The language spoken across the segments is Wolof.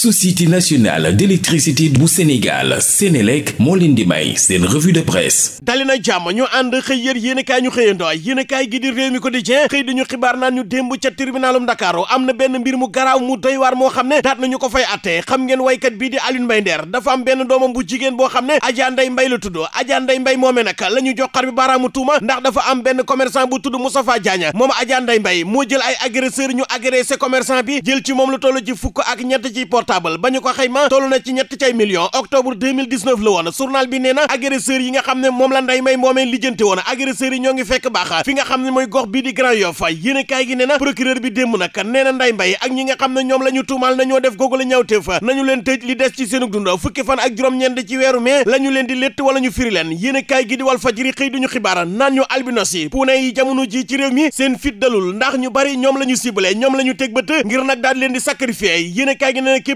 société nationale d'électricité bu Sénégal Sénélec moo leen di may seen revue de presse dali jàmm ñu ànd xëy yër yéenekaay ñu xëyandoo yéenekaay gi di Rewmi Quotidien xëy di ñu xibaar naan ñu démb ca tribunalum Ndakaaru am na benn mbir mu garaaw mu doy waar moo xam ne daat ñu ko fay attee xam ngeen waykat bii di Alioune Mbaye Nder dafa am benn doomam bu jigéen boo xam ne Adja Ndeye mbay la tudd Adja Ndeye Mbaye moomee nag la ñu jox xar bi baaraamu tuuma ndax dafa am benn commerçant bu tudd Moustapha Diagne moom Adja Ndeye Mbaye moo jël ay agresseur ñu agressé commerçant bi jël ci moom lu toll ci fukk ak ñett ci comptable ba ñu ko xayma toll na ci ñetti cay millions octobre la woon journal bi nee na agresseurs yi nga xam ne moom la nday may moomee lijjanti woon agresseurs yi ñoo ngi fekk baax fi nga xam ne mooy gox bii di Grand Yoff yéene gi nee na procureur bi démb nag nee na nday mbay ak ñi nga xam ne ñoom la tuumaal na ñoo def googu la ñawtee fa nañu leen tëj li des ci seenug dund fukki fan ak juróom-ñeent ci weeru mai la leen di létt wala ñu firi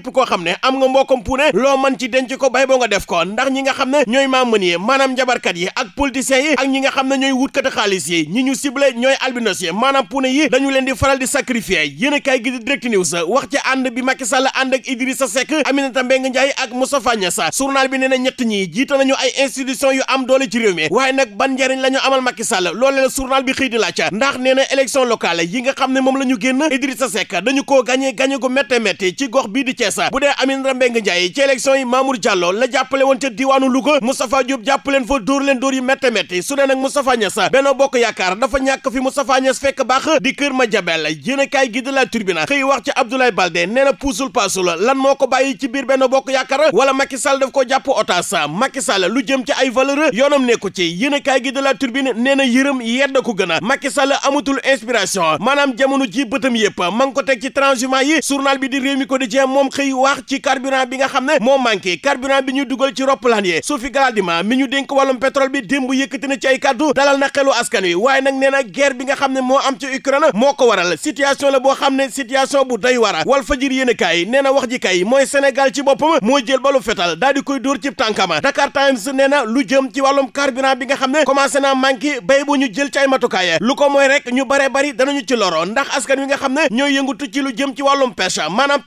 képp koo xam ne am nga mbokkam puune loo man ci denc ko bay boo nga def ko ndax ñi nga xam ne ñooy maam mën yi maanaam njabarkat yi ak politiciens yi ak ñi nga xam ne ñooy wutkati xaalis yi ñi ñu ciblé ñooy albinos yi maanaam puune yi dañu leen di faral di sacrifier yéen a kaay gi di direct news wax ci ànd bi Macky Sall ànd ak Idrissa Seck Aminata Mbengue Ndiaye ak Moustapha sa journal bi nee na ñett ñi jiite nañu ay institution yu am doole ci réew mi waaye nag ban njariñ la ñu amal Macky Sall loolu la journal bi xëy di laaj ndax nee na élection locale yi xam ne moom la ñu génn Idrissa Seck dañu koo gàñe gàñe gu métte ci gox bii di Thiès PDS bu dee Aminata Mbengue Ndiaye ci élection yi Mamour Diallo la jàppale woon ca diwaanu Louga Moustapha Diop jàppaleen fa dóor leen dóor yu métte métti su dee nag Moustapha Niass Benno Bokk Yaakaar dafa ñàkk fi Moustapha Niass fekk baax di kër ma jabel yéene kaay gi de la Tribune xëy wax ci Abdoulaye Baldé nee na puusul paasul lan moo ko bàyyi ci biir Benno Bokk Yaakaar wala Macky Sall daf ko jàpp otas Macky lu jëm ci ay valeur yoonam nekku ci yéene kaay gi de la Tribune nee na yërëm yedd ko gën a Sall amatul inspiration maanaam jamono ji bëtam yëpp ma ngi ko teg ci transhumance yi journal bi di Rewmi Quotidien moom xëy wax ci carburant bi nga xam ne moo manqué carburant bi ñu dugal ci roppalaan yi Sophie Gladima mi ñu dénk wàllum pétrole bi démb yëkkati na ci ay kàddu dalal na xelu askan wi waaye nag nee na guerre bi nga xam ne moo am ci Ukraine moo ko waral situation la boo xam ne situation bu day war a wal fajir yéen kaay nee na wax ji kay mooy Sénégal ci boppam moo jël balu fetal daal di koy dóor ci tànkama Dakar Times nee na lu jëm ci wàllum carburant bi nga xam ne commencé naa manqué bay bu ñu jël ci matukaay lu ko mooy rek ñu bare bari danañu ci ndax askan wi nga xam ne ñooy yëngutu ci lu jëm ci wàllum pêche maanaam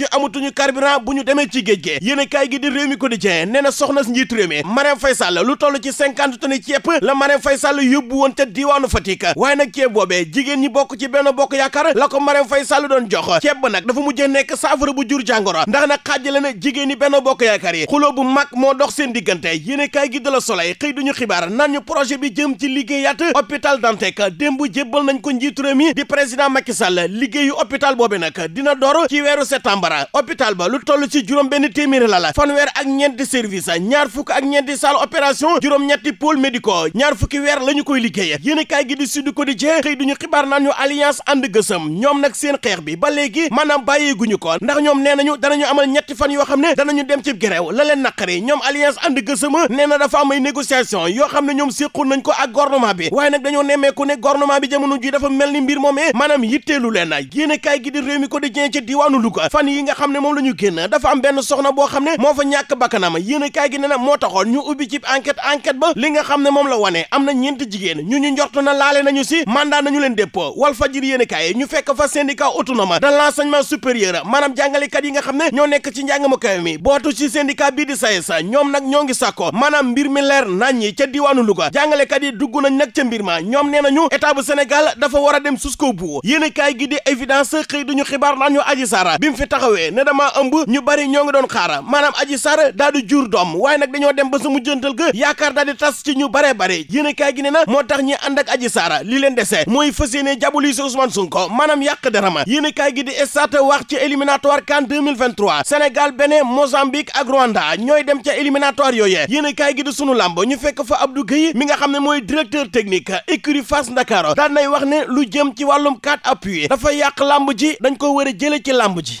ji amatuñu carburant bu ñu demee ci géej gee yéen a kaay gi di réew mi quotidien nee na soxna si njiitu réew fay Marème Sall lu toll ci cinquante tonnes ceeb la Marème fay Sall yóbbu woon te diiwaanu Fatick waaye nag ceeb boobe jigéen ñi bokk ci benn bokk yaakaar la ko Marème fay Sall doon jox ceeb ba nag dafa mujjee nekk saafara bu jur jàngoro ndax na xaajale na jigéen ñi benn bokk yaakaar yi xuloo bu mag moo dox seen diggante yéen a kaay gi de la Soleil xëy duñu xibaar naan ñu projet bi jëm ci liggéeyaat hôpital Dantec démb jébbal nañ ko njiitu mi di président Macky Sall liggéeyu hôpital boobe nag dina door ci weeru septembre Camara hôpital ba lu toll ci juróom benn téeméeri la la fanweer ak ñeenti service ñaar fukk ak ñeenti salle opération juróom-ñetti pôle médicaux ñaar fukki weer la ñu koy liggéeye yéen kaay gi di Sud Quotidien xëy duñu xibaar naan ñu alliance ànd gësëm ñoom nag seen xeex bi ba léegi maanaam bàyyeeguñu ko ndax ñoom nee nañu danañu amal ñetti fan yoo xam ne danañu dem ci grève la leen naqari ñoom alliance ànd gësëm nee na dafa am ay négociation yoo xam ne ñoom séqul nañ ko ak gouvernement bi waaye nag dañoo nemmeeku ne gouvernement bi jamono ji dafa mel ni mbir moomee maanaam yitteelu leen yéen kaay gi di Rewmi Quotidien ci diwaanu Louga fan yi nga xam ne moom la ñu génn dafa am benn soxna boo xam ne moo fa ñàkk bakkanam yéen a kaay gi ne na moo taxoon ñu ubbi ci enquête enquête ba li nga xam ne moom la wane am na ñeenti jigéen ñu ñu njort na laale nañu si mandat nañu leen dépôt wal fajir yéen a kaay ñu fekk fa syndicat autonome de l'enseignement supérieur maanaam jàngalekat yi nga xam ne ñoo nekk ci njàng mu kaw mi bootu ci syndicat bii di SAES e ñoom nag ñoo ngi sàkko maanaam mbir mi leer nañ ca diwaanu Louga jàngalekat yi dugg nañ nag ca mbir ma ñoom nee nañu état bu Sénégal dafa war a dem jusqu'au bout yéen a kaay di évidence xëy duñu xibaar naan ñu Adji Sarr bi mu fi taxawee ne dama ëmb ñu bari ñoo ngi doon xaara maanaam aji sar daal di jur doom waaye nag dañoo dem ba sa mujjantal yaakaar daal di tas ci ñu baree bare yéen kaay gi ne na moo tax ñu ànd ak aji sar li leen dese mooy fas yéene jabuli si Ousmane Sonko maanaam yàq derama yéen kaay gi di estat wax ci éliminatoire CAN 2023 Sénégal Bénin Mozambique ak Rwanda ñooy dem ca éliminatoire yooyee yéen kaay gi di sunu làmb ñu fekk fa Abdou Gueye mi nga xam ne mooy directeur technique écurie Fass Ndakaaru daal nay wax ne lu jëm ci wàllum quatre appuis dafa yàq làmb ji dañ ko war a jële ci làmb ji